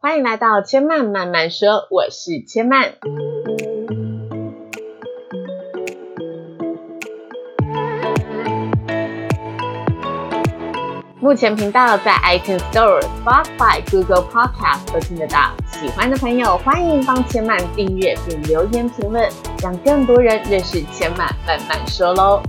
歡迎來到千曼慢慢說，我是千曼。目前頻道在 iTunes Store、Spotify、Google Podcast 都聽得到，喜歡的朋友歡迎幫千曼訂閱並留言評論，讓更多人認識千曼慢慢說嘍。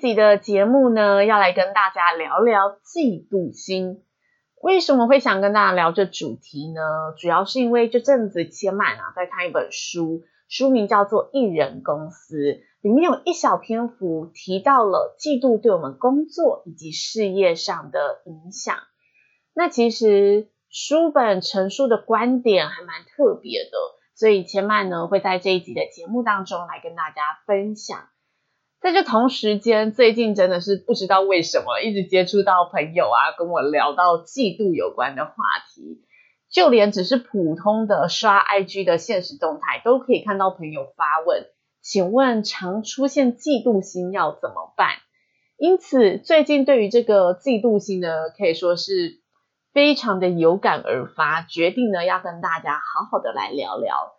自己的節目呢，要來跟大家聊聊嫉妒心。為什麼會想跟大家聊這主題呢？主要是因為這陣子千曼啊在看一本書，書名叫做《一人公司》，裡面有一小篇幅提到了嫉妒對我們工作以及事業上的影響。那其實書本陳述的觀點還蠻特別的，所以千曼呢會在這一集的節目當中來跟大家分享。在這同時間，最近真的是不知道為什麼，一直接觸到朋友啊，跟我聊到嫉妒有關的話題，就連只是普通的刷 IG 的現實動態，都可以看到朋友發問：“請問常出現嫉妒心要怎麼辦？”因此，最近對於這個嫉妒心呢，可以說是非常的有感而發，決定呢要跟大家好好的來聊聊。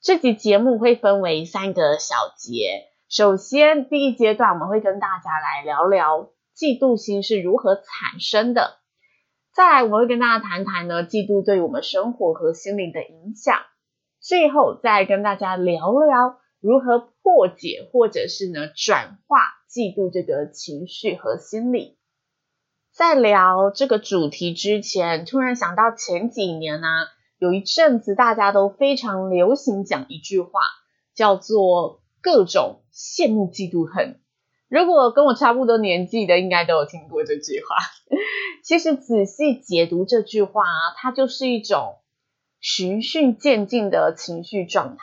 這集節目會分為三個小節。首先，第一階段我們會跟大家來聊聊嫉妒心是如何產生的。再來，我會跟大家談談呢，嫉妒對我們生活和心靈的影響。最後，再跟大家聊聊如何破解或者是呢，轉化嫉妒這個情緒和心理。在聊這個主題之前，突然想到前幾年呢、啊、有一陣子大家都非常流行講一句話，叫做。各種羨慕、嫉妒、恨。如果跟我差不多年紀的，應該都有聽過這句話。其實仔細解讀這句話啊，它就是一種循序漸進的情緒狀態，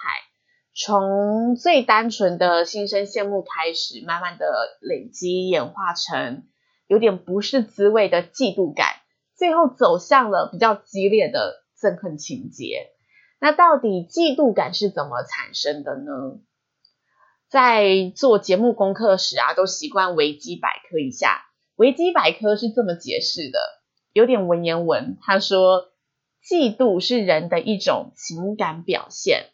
從最單純的心生羨慕開始，慢慢的累積，演化成有點不是滋味的嫉妒感，最後走向了比較激烈的憎恨情節。那到底嫉妒感是怎麼產生的呢？在做節目功課時啊，都習慣維基百科一下。維基百科是這麼解釋的，有點文言文。他說，嫉妒是人的一種情感表現，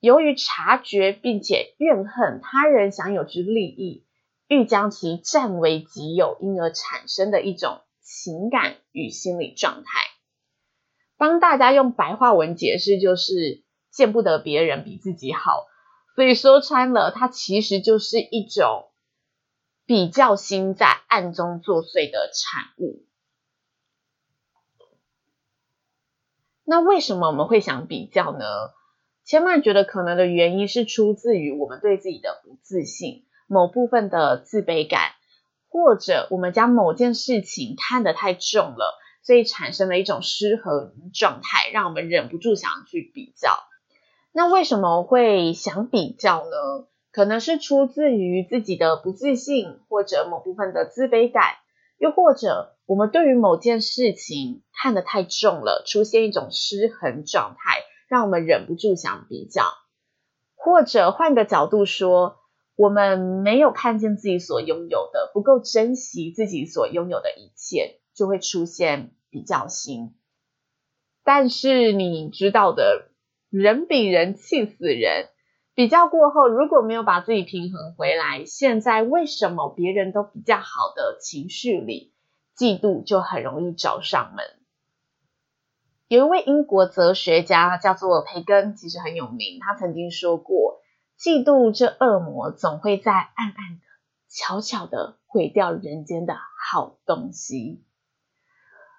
由於察覺並且怨恨他人享有之利益，欲將其佔為己有，因而產生的一種情感與心理狀態。幫大家用白話文解釋，就是見不得別人比自己好。所以說穿了，它其實就是一種比較心在暗中作祟的產物。那為什麼我們會想比較呢？千萬覺得可能的原因是出自於我們對自己的不自信，某部分的自卑感，或者我們將某件事情看得太重了，所以產生了一種失衡狀態，讓我們忍不住想去比較。那為什麼會想比較呢？可能是出自於自己的不自信，或者某部分的自卑感，又或者我們對於某件事情看得太重了，出現一種失衡狀態，讓我們忍不住想比較。或者換個角度說，我們沒有看見自己所擁有的，不夠珍惜自己所擁有的一切，就會出現比較心。但是你知道的。人比人氣死人，比較過後，如果沒有把自己平衡回來，現在為什麼別人都比較好的情緒裡，嫉妒就很容易找上門？有一位英國哲學家叫做培根，其實很有名，他曾經說過，嫉妒這惡魔總會在暗暗地、悄悄地毀掉人間的好東西。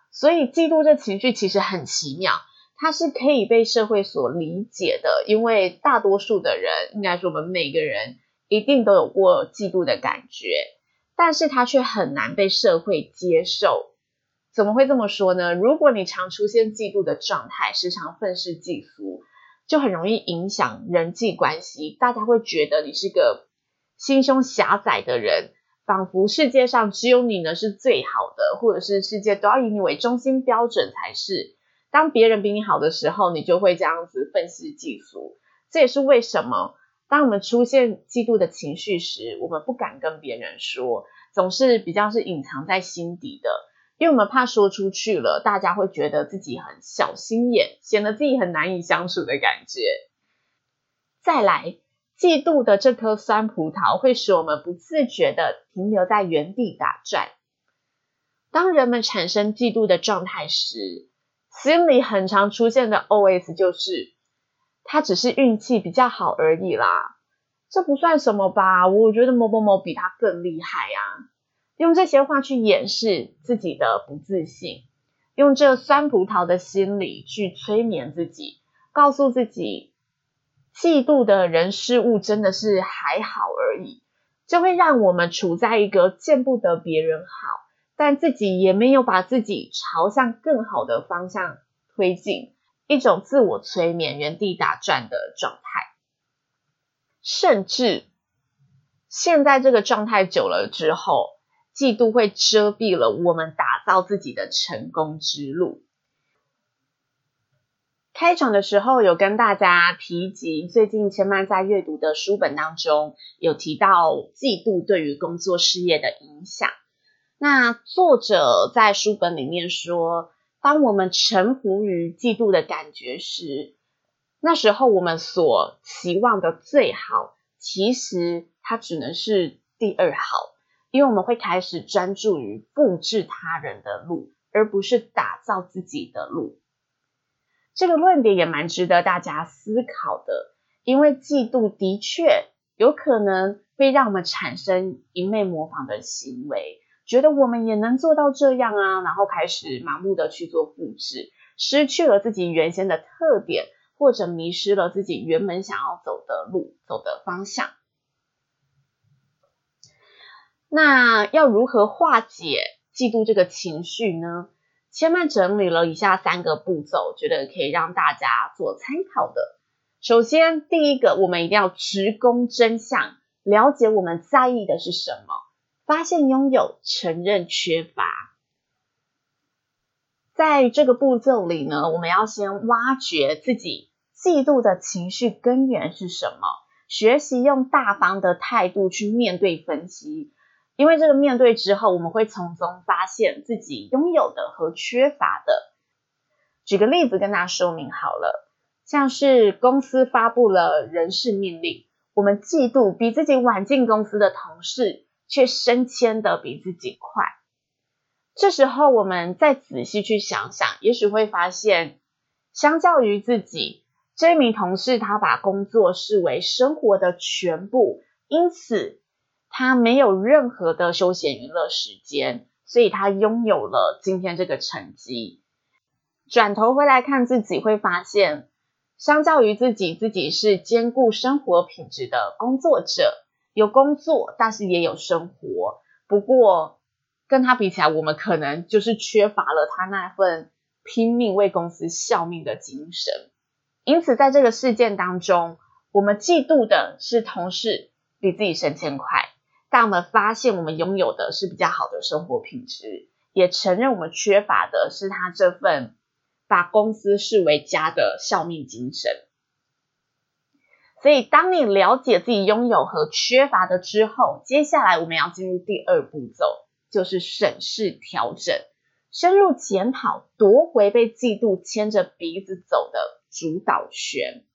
所以，嫉妒這情緒其實很奇妙。他是可以被社會所理解的，因為大多數的人，應該說我們每個人一定都有過嫉妒的感覺，但是他卻很難被社會接受。怎麼會這麼說呢？如果你常出現嫉妒的狀態，時常憤世嫉俗，就很容易影響人際關係。大家會覺得你是個心胸狹窄的人，仿佛世界上只有你呢是最好的，或者是世界都要以你為中心標準才是。當別人比你好的時候，你就會這樣子憤世嫉俗。這也是為什麼，當我們出現嫉妒的情緒時，我們不敢跟別人說，總是比較是隱藏在心底的，因為我們怕說出去了，大家會覺得自己很小心眼，顯得自己很難以相處的感覺。再來，嫉妒的這顆酸葡萄會使我們不自覺的停留在原地打轉。當人們產生嫉妒的狀態時，心裡很常出現的 OS 就是，他只是運氣比較好而已啦，這不算什麼吧？我覺得某某某比他更厲害啊！用這些話去掩飾自己的不自信，用這酸葡萄的心理去催眠自己，告訴自己，嫉妒的人事物真的是還好而已，就會讓我們處在一個見不得別人好。但自己也沒有把自己朝向更好的方向推進，一種自我催眠、原地打轉的狀態。甚至現在這個狀態久了之後，嫉妒會遮蔽了我們打造自己的成功之路。開場的時候有跟大家提及，最近千曼在閱讀的書本當中有提到，嫉妒對於工作事業的影響。那作者在書本裡面說，當我們臣服於嫉妒的感覺時，那時候我們所期望的最好，其實它只能是第二好，因為我們會開始專注於複製他人的路，而不是打造自己的路。這個論點也蠻值得大家思考的，因為嫉妒的確有可能會讓我們產生一味模仿的行為。覺得我們也能做到這樣啊，然後開始盲目的去做複製，失去了自己原先的特點，或者迷失了自己原本想要走的路、走的方向。那要如何化解嫉妒這個情緒呢？前面整理了以下三個步驟，覺得可以讓大家做參考的。首先，第一個，我們一定要直攻真相，了解我們在意的是什麼。發現擁有，承認缺乏。在這個步驟裡呢，我們要先挖掘自己嫉妒的情緒根源是什麼，學習用大方的態度去面對分析。因為這個面對之後，我們會從中發現自己擁有的和缺乏的。舉個例子，跟大家說明好了，像是公司發布了人事命令，我們嫉妒比自己晚進公司的同事。卻升遷的比自己快。這時候，我們再仔細去想想，也許會發現，相較於自己，這名同事他把工作視為生活的全部，因此他沒有任何的休閒娛樂時間，所以他擁有了今天這個成績。轉頭回來看自己，會發現，相較於自己，自己是兼顧生活品質的工作者。有工作，但是也有生活。不過跟他比起來，我們可能就是缺乏了他那份拼命為公司效命的精神。因此，在這個事件當中，我們嫉妒的是同事比自己升遷快，但我們發現我們擁有的是比較好的生活品質，也承認我們缺乏的是他這份把公司視為家的效命精神。所以，當你了解自己擁有和缺乏的之後，接下來我們要進入第二步驟，就是審視、調整、深入檢討，奪回被嫉妒牽着鼻子走的主導權。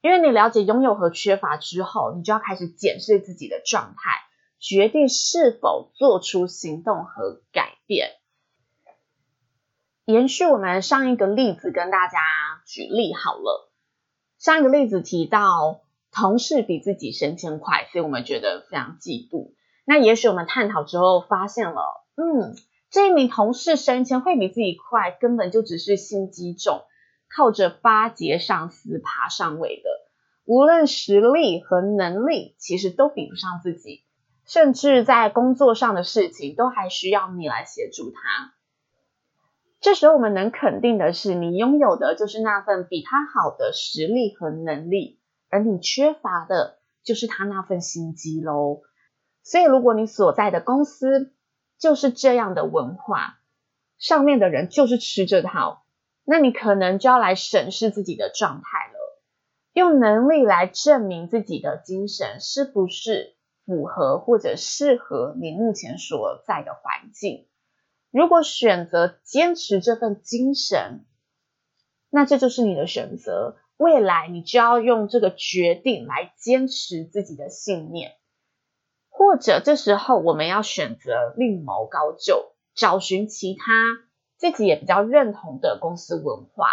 因為你了解擁有和缺乏之後，你就要開始檢視自己的狀態，決定是否做出行動和改變。延續我們上一個例子，跟大家舉例好了。上一個例子提到，同事比自己升遷快，所以我們覺得非常嫉妒。那也許我們探討之後發現了，嗯，這一名同事升遷會比自己快，根本就只是心機重，靠着巴結上司爬上位的。無論實力和能力，其實都比不上自己，甚至在工作上的事情都還需要你來協助他。這時候我們能肯定的是，你擁有的就是那份比他好的實力和能力，而你缺乏的就是他那份心機嘍。所以，如果你所在的公司就是這樣的文化，上面的人就是吃這套，那你可能就要來審視自己的狀態了，用能力來證明自己的精神是不是符合或者適合你目前所在的環境。如果選擇堅持這份精神，那這就是你的選擇。未來你就要用這個決定來堅持自己的信念，或者這時候我們要選擇另謀高就，找尋其他自己也比較認同的公司文化。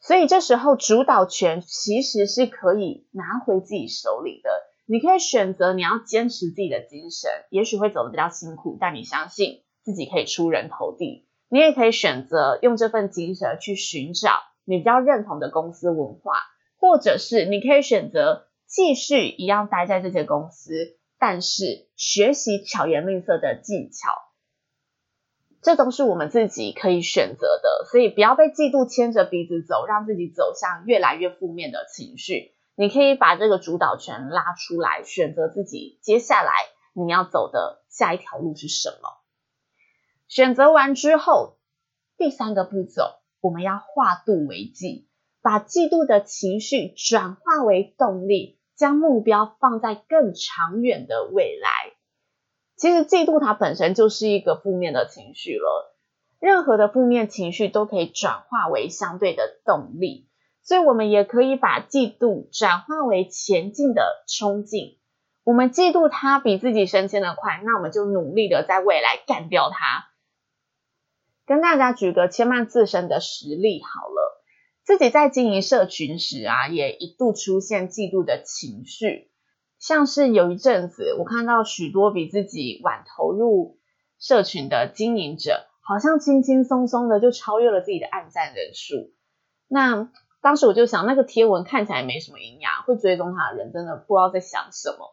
所以這時候主導權其實是可以拿回自己手裡的。你可以選擇你要堅持自己的精神，也許會走得比較辛苦，但你相信，自己可以出人頭地，你也可以選擇用這份精神去尋找你比較認同的公司文化，或者是你可以選擇繼續一樣待在這些公司，但是學習巧言令色的技巧，這都是我們自己可以選擇的，所以不要被嫉妒牽着鼻子走，讓自己走向越來越負面的情緒。你可以把這個主導權拉出來，選擇自己接下來你要走的下一條路是什麼？選擇完之後，第三個步驟，我們要化妒為嫉，把嫉妒的情緒轉化為動力，將目標放在更長遠的未來。其實嫉妒它本身就是一個負面的情緒了，任何的負面情緒都可以轉化為相對的動力，所以我們也可以把嫉妒轉化為前進的衝勁。我們嫉妒他比自己升遷的快，那我們就努力的在未來幹掉他。跟大家舉個千萬自身的實例好了，自己在經營社群時啊，也一度出現嫉妒的情緒，像是有一陣子，我看到許多比自己晚投入社群的經營者，好像輕輕鬆鬆的就超越了自己的按讚人數。那當時我就想，那個貼文看起來沒什麼營養，會追蹤他的人真的不知道在想什麼？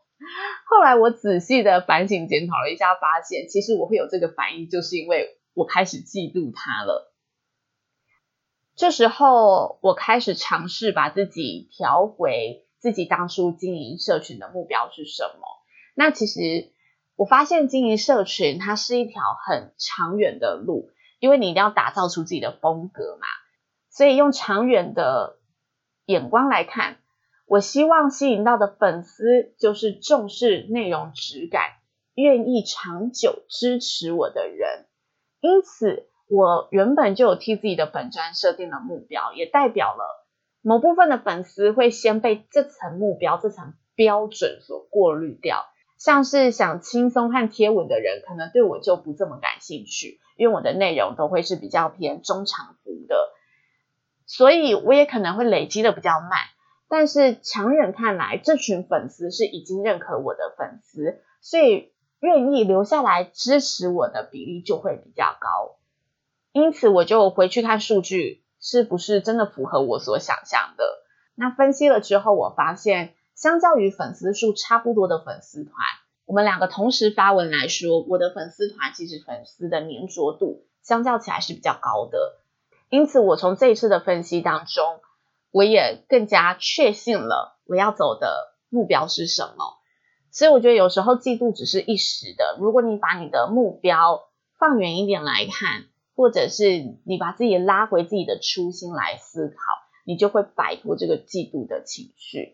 後來我仔細的反省檢討了一下，發現其實我會有這個反應，就是因為。我開始嫉妒他了。這時候，我開始嘗試把自己調回自己當初經營社群的目標是什麼。那其實我發現，經營社群它是一條很長遠的路，因為你一定要打造出自己的風格嘛。所以用長遠的眼光來看，我希望吸引到的粉絲就是重視內容質感，願意長久支持我的人。因此，我原本就有替自己的粉專設定了目標，也代表了某部分的粉絲會先被這層目標、這層標準所過濾掉。像是想輕鬆看貼文的人，可能對我就不這麼感興趣，因為我的內容都會是比較偏中長讀的，所以我也可能會累積得比較慢。但是長遠看來，這群粉絲是已經認可我的粉絲，所以。願意留下來支持我的比例就會比較高，因此我就回去看數據，是不是真的符合我所想象的？那分析了之後，我發現，相較於粉絲數差不多的粉絲團，我們兩個同時發文來說，我的粉絲團其實粉絲的粘着度，相較起來是比較高的。因此，我從這一次的分析當中，我也更加確信了我要走的目標是什麼。所以我覺得有時候嫉妒只是一時的。如果你把你的目標放遠一點來看，或者是你把自己拉回自己的初心來思考，你就會擺脫這個嫉妒的情緒。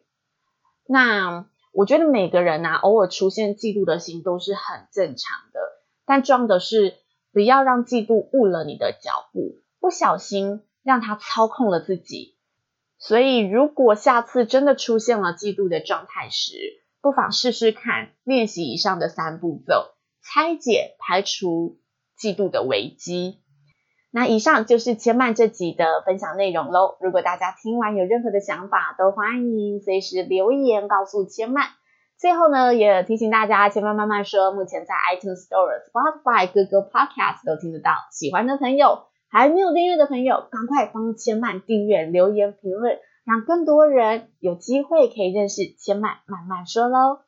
那我覺得每個人啊，偶爾出現嫉妒的心都是很正常的，但重要的是不要讓嫉妒誤了你的腳步，不小心讓他操控了自己。所以如果下次真的出現了嫉妒的狀態時，不妨試試看練習以上的三步驟，拆解排除嫉妒的危機。那以上就是千曼這集的分享內容嘍。如果大家聽完有任何的想法，都歡迎隨時留言告訴千曼。最後呢，也提醒大家，千曼慢慢說，目前在 iTunes Store、Spotify、Google Podcast 都聽得到。喜歡的朋友還沒有訂閱的朋友，趕快幫千曼訂閱、留言、評論。讓更多人有機會可以認識千麥，慢慢說嘍。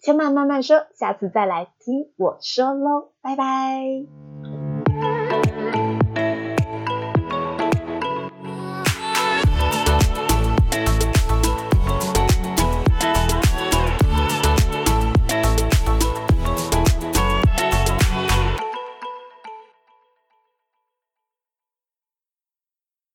千麥，慢慢說，下次再來聽我說嘍。拜拜。